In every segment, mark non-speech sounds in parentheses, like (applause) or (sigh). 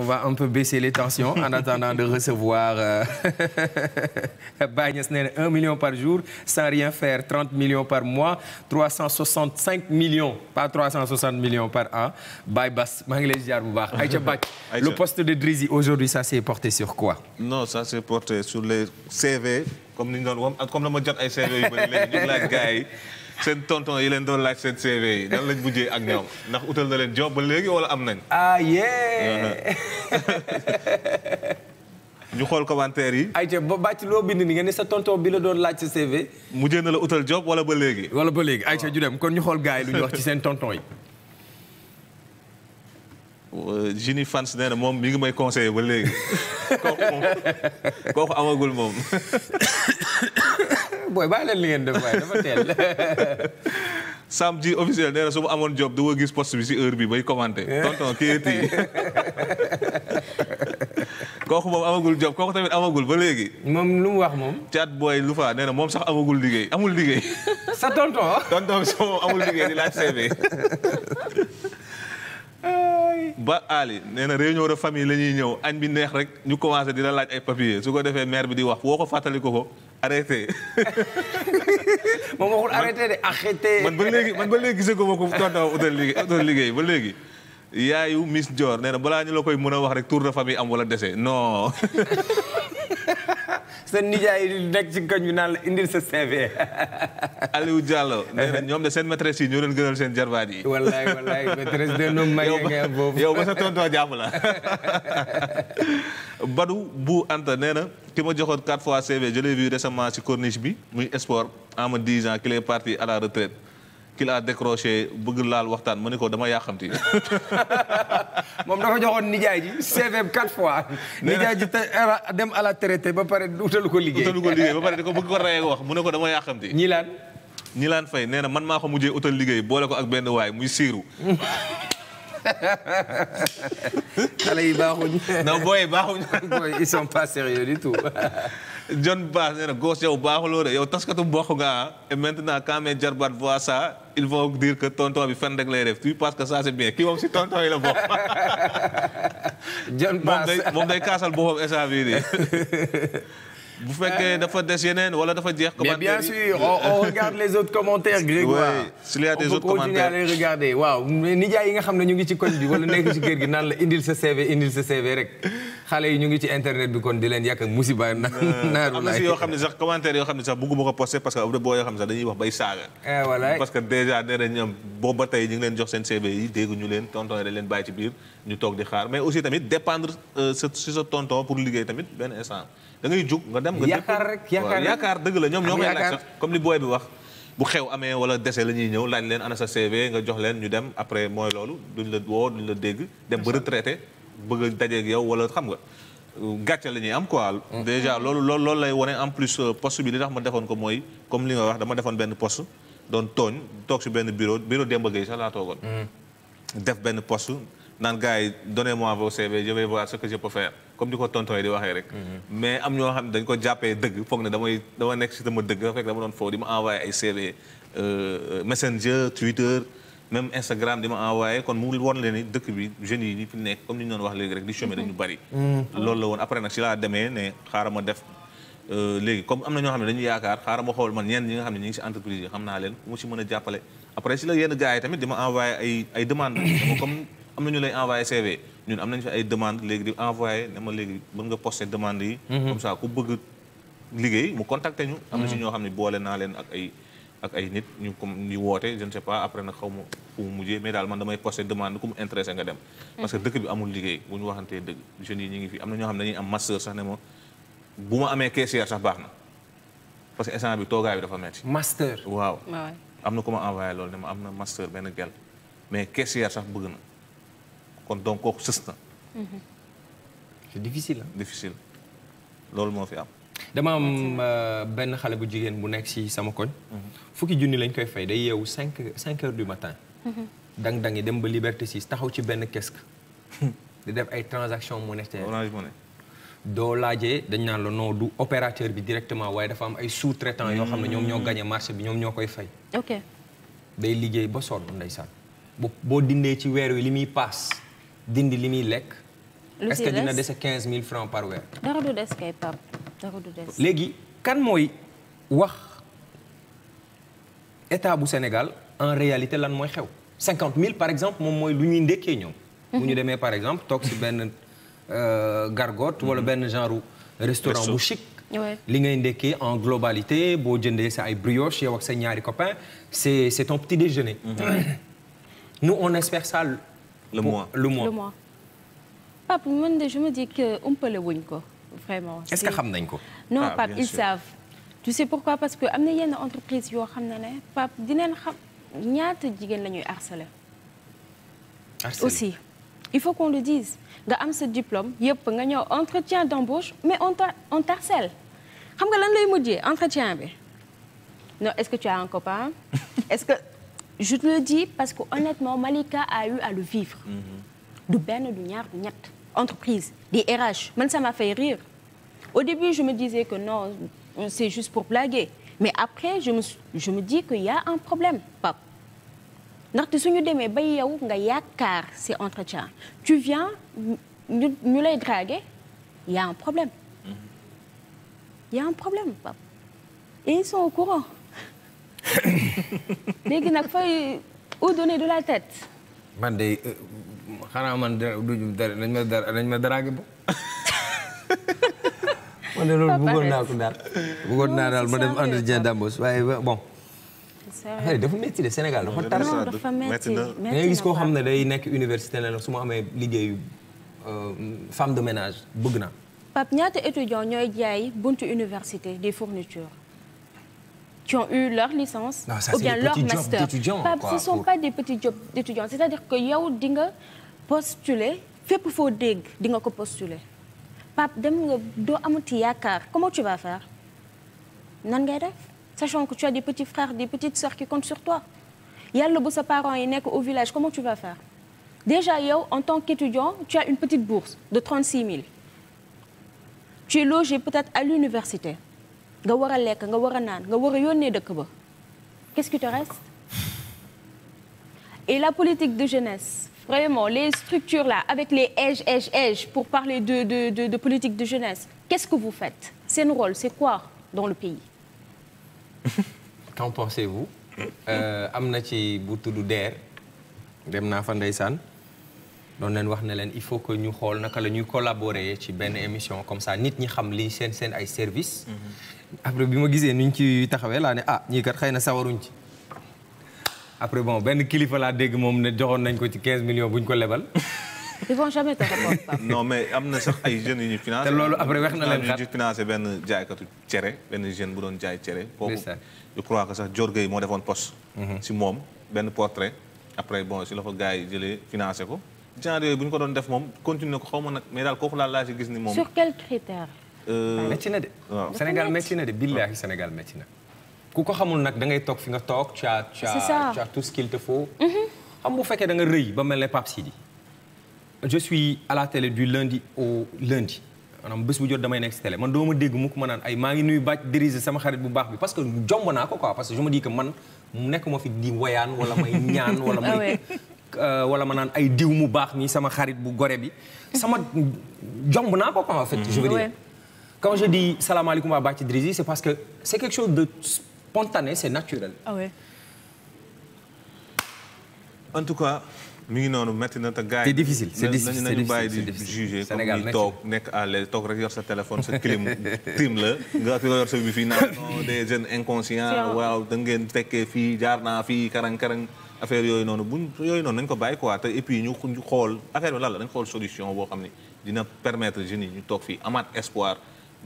on va un peu baisser les tensions en attendant de recevoir euh, (laughs) Baye Niass nee par jour sans rien faire 30 millions par mois 365 millions pas par an Baye Bass ngi lay ziar bu baax. Aïcha (laughs) Bac le poste de Drizzy aujourd'hui ça s'est porté sur quoi. non jot (laughs) seen tonton yi leen doon laaj seen CV yi nan lañ mujjee ak ñoom ndax utal na leen job ba léegi wala am nañ. ah yee. (laughs) ñu xool commentaire yi. ayca ba bàcc loo bind ni nga ne sa tonton bi la doon laaj sa CV. mujjee na la utal job wala ba léegi. wala ba léegi ayca ju dem kon ñu xool gaa yi lu ñu wax ci seen tonton yi. Jini euh, Fans nee moom mi ngi may conseillé ba léegi (laughs) kooku moom amagul moom. (laughs) booy bàyyi leen li ngeen def dafa teel. (laughs) Sam ji officiel nee na su ma amoon job du gis post bi si bay commenté (laughs) tonton kiyiti kooku moom amagul job kooku tamit amagul ba léegi. moom lu mu wax moom. caat booy lu fa nee moom sax amagul liggéey amul liggéey. (laughs) sa tonton. tonton bi moom amul liggéey di laaj CV. ba Ali nee na réunion de famille la ñuy ñëw añ bi neex rek ñu commencé dina laaj ay papier su ko defee maire bi di wax woo ko fàttali ko ko arrêté. a (laughs) waxul arrêté de arrêté. man ba léegi man ba léegi gisee ko ma ko tontaw liggéey ba léegi. yaayu Miss Dior nee na balaa ñu la koy mën a wax rek tour de famille am wala dese non. (laughs) sa nijaay nekk ci koñ bi naan la indil sa CV. (laughs) Aliou Diallo nee ñoom de seen maîtresse yi ñoo leen gënal seen jarbaat yi. wallaay wallaay maîtresse de nom may nga boobu. yow ba sa tontoo jàpp la. (laughs) Badou bu Anta nee na ki ma joxoon quatre fois CV je l'ai vu récemment ci corniche bi muy sport ama dix ans qu'il est parti à la retraite. ki laa décroché bëgg laal waxtaan mu ne ko dama yàqamti (laughs) moom dafa joxoon nijaay ji CV quatre fois. (laughs) nijaay ji te dem la traité ba pare utalu ko liggéey. utalu ko liggéey ba pare dama yàqamti ñi laan ñilaan laan fay nee na man maa ko mujjee utal liggéey boole ko ak benn waay muy siiru. (laughs) xale yi baaxuñ. non booy baaxuñ. (laughs) booy ils sont (laughs) John Bass nee na goos yow baaxuloo de yow taskatu mboq nga ah. et maintenant quand jarbaat voit ça il faut dire que tonton bi fen rek lay def tu parce que ça c'est bien kii moom si tonton yi la bokk. John Bass moom day moom day kaasal boppam SAV de. bu fekkee dafa des yeneen wala dafa jeex. commentaire mais bien sûr on, on regarde les autres commentaires. Grégoire oui s'il y a des autres commentaires on waaw nijaay yi nga xam ne ñu ngi ci koñ bi wala nekk ci kër gi naan la indil sa CV indil sa CV rek xale yi ñu ngi ci internet bi kon di leen yàq ak musiba (laughs) naaru am yoo xam ne sax commentaire yoo xam ne sax bëgguma ko posté parce que am na boo yoo xam ne sax saaga. Eh, parce que déjà nee nañ ñoom tey ñu ngi leen jox seen CV yi ñu leen tonton dañ leen bàyyi ci biir ñu toog di xaar mais aussi tamit dépendre si euh, sa tonton pour liggéey tamit benn instant dangay ngay jug nga dem nga. yaakaar rek yaakaar dëgg la ñoom ñoo koy laaj sax comme li booy bi wax. bu xew amee wala dese la ñuy ñëw laaj leen ana sa CV nga jox leen ñu dem après mooy loolu duñ la woo duñ la dégg. dem ba retraité bëgg a dajeeg yow wala xam nga gàcce la ñuy am quoi. Mm. déjà loolu loolu loolu lay wone en plus euh, poste bi li tax ma defoon ko mooy comme li nga wax dama defoon benn poste doon tooñ toog si benn bureau bureau Demba Gueye sax laa toogoon. Mm. def benn post naan gars yi donnez-moi vos CV comme ni ko tonton yi di waxee rek. mais am ñoo xam ne dañ ko jàppee dëgg foog ne damay dama nekk si dama dëgg fekk dama doon foofu di ma envoyé ay CV euh, Messenger Twitter. même Instagram di ma envoyé kon mu war leen dëkk bi jeunes yi ñu fi nekk comme ni ñu doon wax léegi rek di chômer dañu bari. Mm-hmm. loolu la woon après nag euh, na ñoo xam ne dañu yaakaar xaaral xool man ñenn ñi nga xam ngi si entreprise yi xam naa leen mu si mën a jàppale. après si la yenn gars yi tamit di ma envoyé ay ay demandes. (coughs) comme am na ñu lay envoyé CV. ñun am nañu fi ay demande léegi di envoyé ne ma léegi mën nga posté demande yi mhm. comme ça ku bëgg liggéey mu contacté ñu am na si mhm. ñoo xam ne boole naa leen ay ak ay ñu comme ñu woote après nag xaw ma fu mu man damay posté demande ku mu nga dem mhm. parce que dëkk bi amul liggéey bu ñu waxantee dëgg jeunes yi ñu ngi fi am amee caissière sax baax na parce que instant bi toogaay bi dafa metti master waaw am na ku ma envoyé loolu ne am na master benn gel mais caissière sax bëgg na kon donc kooku sës na. Mhm. c'est difficile loolu moo fi am. dama am euh, benn xale bu jigéen bu nekk ci sama koñ. Mhm. fukki junni lañ koy fay day yeewu cinq cinq du matin. dang-dang mhm. yi dem ba Liberté 6 taxaw ci benn casque. (laughs) di def ay transactions monétaires. Orange Money. doo laajee dañ naan la noo du opérateur bi directement waaye dafa am ay sous-traitants yoo xam ne ñoom ñoo mm. gagné marché bi ñoom ñoo koy fay. day liggéey ba sonn ndeysaan. boo boo dindee ci weer wi li muy paas. dindi li muy lekk. est-ce que dina dese quinze mille francs par weer. dara du des kay Pape dara léegi kan mooy wax état bu Sénégal en réalité lan mooy xew cinquante mille par exemple moom mooy lu ñuy ndekkee ñoom. bu ñu mhm. demee par exemple toog si benn euh, gargote wala mhm. benn genre restaurant bu chic. li ngay ndekkee en globalité boo jëndee sa ay brioche yow sa ñaari copain c'est c'est ton petit déjeuner. Mhm. nous on espère ça le mois le mois. Pape man de je me dis que umpale wuñ ko vraiment. est xam nañ ko. non ah, Pape ils sûr. savent. pourquoi parce que am na yenn entreprise yoo xam ne ne Pape dinañ xam ñaata jigéen la ñuy harceler. harceler aussi il faut qu'on le dise nga am sa diplôme yëpp nga ñëw entretien d'embauche mais on t'a on t'harcèle xam nga lan lay mujjee entretien bi non est-ce que tu as un copain (laughs) est-ce que. je te le dis parce que honnêtement Malika a eu à le vivre. Mhm. du benn du ñaar du ñett. entreprise des RH man ça m'a fait rire au début je me disais que non c'est juste pour blaguer mais après je me je dis que y a un problème Pape ndaxte suñu demee ba yow nga yaakaar ces entretiens tu viens ñu ñu lay draguer y a un problème mhm. y a un problème Pape et ils sont au courant. (coughs) léegi nag fay au donner de la tête. man de euh, xanaa man de duñu dara nañ ma dara nañ ma daraage bu. (laughs) man de loolu bëggoon naa ko daal. bëggoon naa daal ma dem entretien d'embauche waaye bon. affaire dafa métti de Sénégal dafa tar. dafa métti da ngay gis koo xam ne day nekk université la su ma amee liggéeyu euh, femme de ménage bëgg naa. Pape ñaata étudiant ñooy jaay buntu université des fournitures. qui ont eu leur licence non, ça, ou bien leur master pas, quoi, di nga postuler fépp foo dégg di nga ko postuler Pape dem nga doo amati yaakaar comment nan ngay def sachant que tu as des petits frères des petites sœurs qui comptent sur toi yàlla bu sa yi nekk au village comment tu vas faire yow en tant qu'étudiant tu as une petite bourse de 36 000 tu es logé peut-être à l'université nga war a lekk nga war a naan nga war a yónnee dëkk ba qu'est-ce qui te reste et la politique de jeunesse vraiment les structures là avec les EJ EJ EJ pour parler de de de de politique de jeunesse qu'est-ce que vous faites seen rôle c'est quoi dans le pays. (laughs) qu'en pensez-vous euh, am na ci bu tudd DER dem naa fa ndeysaan doon leen wax ne leen il faut que ñu xool naka la ñuy collaborer ci benn émission comme ça nit ñi xam lii seen seen ay service mm-hmm. après bi ma gisee ni ñu ci taxawee laa ne ah ñii kat xëy na sawaruñ ci. après bon benn kilifa laa dégg moom ne joxoon nañ ko ci 15 millions bu ñu ko lebal. (laughs) ils vont jamais mais am na sax ay jeunes yu ñu financé. te loolu après wax na leen kat financé benn jaaykatu cere benn jeune bu doon jaay cere. kooku je crois que sax Dior Gueye moo defoon poste. Mm-hmm. si moom benn portrait après bon si la gars yi jëlee financé ko. genre bu ñu ko doon def moom continuer ko xaw ma nag mais daal kooku laa laa ci gis ni moom. sur quel critère. Euh, métti na de. waaw Sénégal métti na de billaahi Sénégal métti na. ku ko xamul nag da ngay toog fi nga toog. tu as tu as tout ce te faut. Mm-hmm. xam bu fekkee da nga rëy ba mel ne Pape Sidi. je suis à la télé du lundi au lundi. maanaam bés bu jot damay nekk télé man doo ma dégg mukk ma naan ay maa ngi nuyu bàcc diriger sama xarit bu baax bi parce que jomb naa ko quoi parce que je me dis que man nekk ma fi di Euh, wala ma naan ay diw mu baax nii sama xarit bu gore bi sama jomb naa ko quoi a fait je veux dire parce que c'est quelque chose de ah en tout cas mi ngi noonu métti na te gars yi. c'est difficile c'est difficile nañu bàyyi di juger comme ñuy toog nekk à toog rek yor sa téléphone sa clim clim (laughs) la nga fi yor sa wifi naan non oh, des jeunes inconscients waaw da ngeen fekkee fii jaar naa fii karang karang affaire yooyu noonu bu yooyu noonu nañ ko bàyyi quoi te et puis ñu xool affaire bi lan la nañ xool solution boo xam ne dina permettre jeunes yi ñu toog fii amaat espoir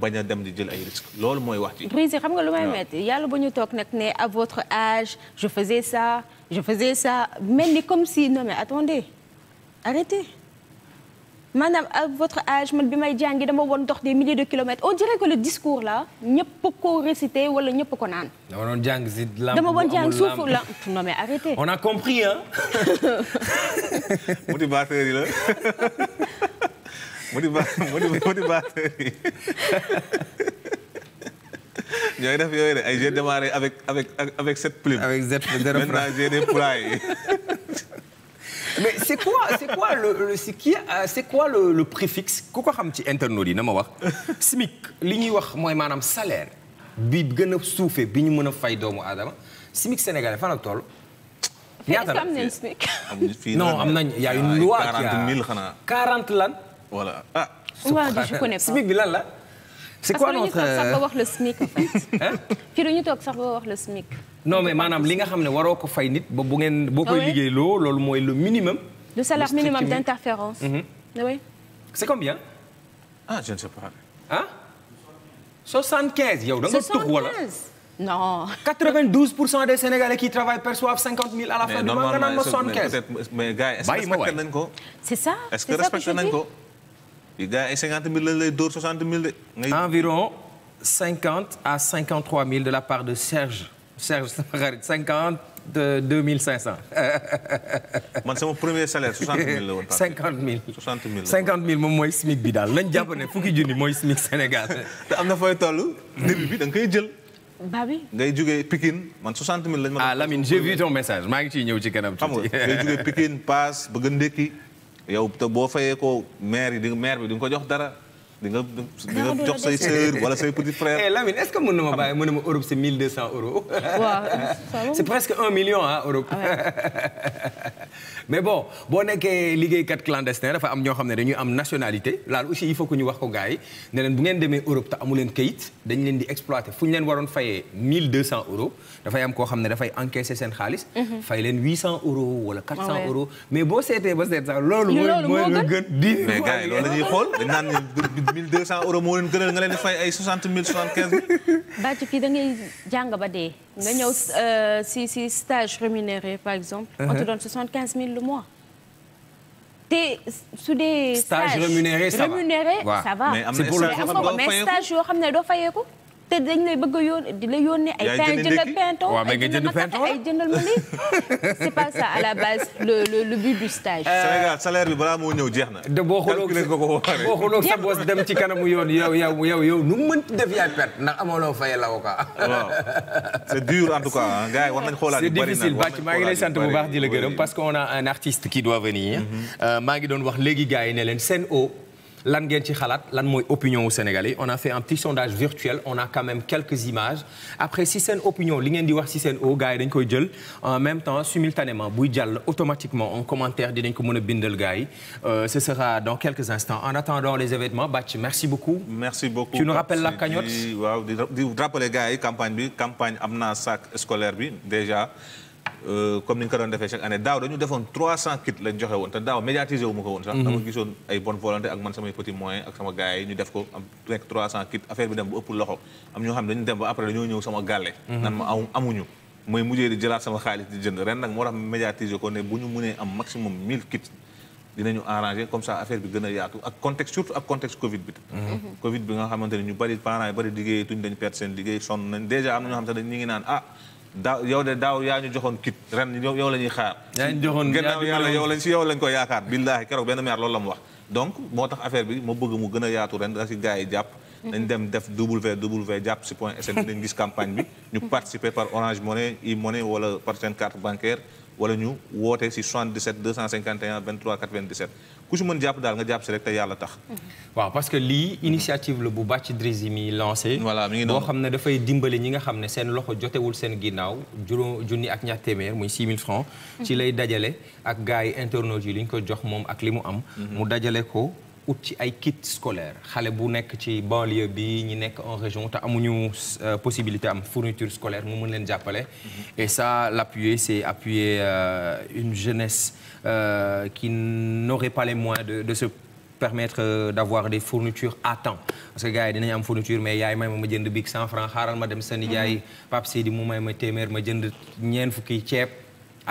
bañ a dem di jël ay risques loolu mooy wax ci. Brésil xam nga lu may metti yàlla ba ñu toog nag ne à votre âge je faisais ça je faisais ça mel ni comme si non mais attendez arrêtez. maanaam à votre âge man bi may jàngi dama woon dox des milliers de kilomètres on dirait que le discours là ñëpp ko récité wala ñëpp ko naan. dama doon jàng si lampe dama doon mais arrêtez. on a compris hein. (laughs) motivateur yi la (laughs) motivateur yi (laughs) ñooy def yooyu de ay j'ai avec avec avec cette plume. avec cette plume mais c'est quoi le le c'est euh, ku ko xam ci internautes yi na ma wax SMIC li ñuy wax mooy maanaam salaire bi gën a suufee bi ñu mën a fay doomu aadama SMIC sénégalais fan ak toll. ñaata la nañ y a une ah, loi qui a lan. voilà ah. SMIC bi lan la. c'est quoi notre sax ba euh, wax le SMIC en fait. (laughs) fii dañu toog sax ba wax le SMIC. non mais maanaam li nga xam ne waroo ko fay nit ba bu ngeen boo koy ah liggéey loolu mooy le minimum le salaire minimum d'interférence mhm. ah oui c'est combien ah je ah? yow da nga tux wala non. 92 (laughs) pour cent des Sénégalais qui travaillent perçoivent 50 000 à la fin du mois nga que respecté nañ ko. c'est ça est-ce que respecté nañ ko. gars yi à 53 000 de la part de Serge. Cheikh sama xarit cinquante deux mille cinq cent. man sama premier salaire soixante mille la woon. cinquante mille soixante mille cinquante mille moom mooy SMIC bi daal nañ jàpp ne fukki junni mooy SMIC Sénégal. te am na fooy toll. début bi da nga koy jël. Babi. ngay juge Pikine man soixante mille lañ ma. ah Lamine j'ai vu ton message maa ngi ciy ñëw ci kanam. xam nga ngay jugee Pikine paas bëgg ndékki yow te boo fayee ko maire yi di maire bi di ko jox dara. di nga di nga jox say sœur wala say petit frère. eh Lamine est-ce que mën na ma bàyyi mën na ma Europe c'est 1200 euros. waaw (laughs) c'est presque un million ah Europe. (laughs) mais bon boo nekkee liggéey kat clandestin dafa am ñoo xam ne dañuy am nationalité laal aussi il faut que ñu wax ko gars yi ne leen bu ngeen demee Europe te amu leen kayit dañ leen di exploiter fu ñu leen waroon fayee 1200 euros dafay am koo xam ne dafay encaisser seen xaalis. Mhm. fay leen 800 euros wala 400 ah euros. mais boo seetee ba seet sax loolu. loolu mooy lu ñuy xool dañ naan ne 1200 euros moo leen gënal nga leen di fay ay 60 000 75 000. bàcc fii da jàng ba dee. nga ñëw euh, si si stage rémunéré par exemple. on te uh-huh. quinze mille mois. te su dee. stage rémunéré ça va rémunéré yoo xam ne doo fayeeku te dañ lay bëgg a yoon di la ay pain jëndal pinton ay jëndal ma lii (laughs) c'est pas à la base le but du stage euh, salaire bi balaa moo ñëw jeex na de boo xuloog boo xuloog sa boss dem ci kanamu yoon yow yow yow yow nu mu mënti def yaay perte ndax amoo loo fayee law ka (laughs) waaw c'est dur en tout cas gars yi ngi lay sant bu baax di la gërëm parce qu'on a un artiste qui doit venir mhm. euh, maa ngi doon wax léegi gars yi ne leen seen o lan ngeen ci xalaat lan mooy opinion wu Sénégalais yi on a fait un petit sondage virtuel on a quand même quelques images après si seen opinion li di wax si seen o gars yi dañ koy jël en même temps simultanément buy automatiquement en commentaire dinañ ko mën a bindal gars yi euh, ce sera dans quelques instants en attendant les événements Bathie merci beaucoup. merci beaucoup tu nous rappelles la cagnotte. waaw di rappeler gars yi campagne bi campagne am naa sac scolaire bi déjà. Euh, comme ni nga doon defee chaque année daaw dañu defoon 300 kits lañ joxe woon te daaw médiatisé ko woon sax mhm. dama gisoon ay bonne volonté ak man samay petit moyen ak sama gars ñu def ko am nekk 300 kits affaire bi dem bu ëpp loxo am ñoo xam ne dañu mhm. arranger comme ça affaire bi gën a yaatu ak contexte surtout ak contexte Covid bi. Mhm. nga xamante ne ñu bari parents bari liggéeyatuñ dañu perte seen liggéey sonn nañ déjà am na ñoo xam ne daaw yow de daaw yaa ñu joxoon kit ren yow la ñuy xaar. yaa ñu joxoon gannaaw lañ si yow lañ ko yaakaar. billaahi keroog benn maire loolu la mu wax. donc moo tax affaire bi ma bëgg mu gën a yaatu ren da si gars yi jàpp. nañ dem def www jàpp si point sn dañ gis campagne bi. ñu participer par Orange Money e-money wala par carte bancaire wala ñu woote si 77 251 23 97. ku si mën jàpp daal nga jàpp si rek te yàlla tax. waaw parce que lii initiative la bu Bathie Drizzy mi lancé. voilà mi ngi noonu boo xam ne dafay dimbali ñi nga xam ne seen loxo jotewul seen ginnaaw juróom junni ak ñaar téeméer muy 6000 francs ci lay dajale ak gars yi internautes yi li ñu ko jox moom ak li mu am. Mhm. mu dajale ko. ut ci ay kit scolaire xale bu nekk ci banlieue bi ñi nekk en région te amuñu euh, possibilité am fourniture scolaire mu mën leen jàppale mhm. et ça l'appuyer c'est appuyer euh, une jeunesse euh, qui n'aurait pas les moyens de de se permettre d'avoir des fournitures à temps parce que gars yi dinañ am fourniture mais yaay may ma ma jënd biig cent francs xaaral ma dem sa nijaay mhm. Pape Seydi mu may ma téeméer ma jënd ñeent fukki ceeb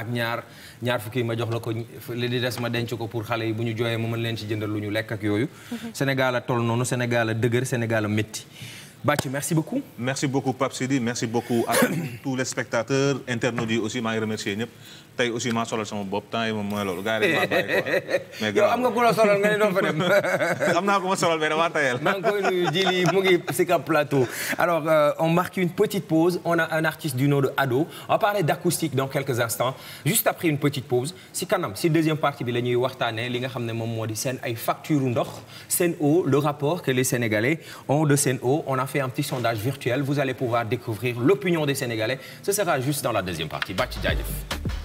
ak ñaar ñaar fukki ma jox la ko li di des ma denc ko pour xale yi bu ñu jooyee ma mën leen ci jëndal lu ñu lekk ak yooyu. Sénégal a toll noonu Sénégal a dëgër Sénégal a métti. Bathie merci beaucoup. merci beaucoup Pape Sidi merci beaucoup à (coughs) tous les spectateurs internautes yi aussi maa ngi remercier ñëpp. tey aussi maa solal sama bopp temps yi moom mooy (laughs) am nga ku la solal am naa ku ma solal mais damaa mu ngi Sicap Plateau. alors euh, on marque une petite pause on a un artiste du nom de Ado on va parler d'acoustique dans quelques instants juste après une petite pause si kanam si deuxième partie bi la ñuy waxtaanee li nga xam ne moom moo di seen ay facture ndox seen eau le rapport que les Sénégalais ont de seen eau on a fait un petit sondage virtuel vous allez pouvoir découvrir l'opinion des Sénégalais ce sera juste dans la deuxième partie bàcc jaajëf.